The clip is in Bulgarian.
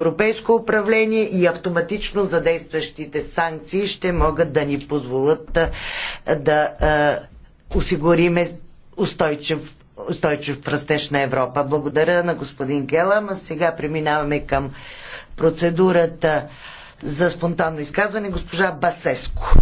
европейско управление и автоматично задействащите санкции ще могат да ни позволят да осигуриме устойчив, устойчив растеж на Европа. Благодаря на господин Гелам. сега преминаваме към процедурата за спонтанно изказване. Госпожа Басеско.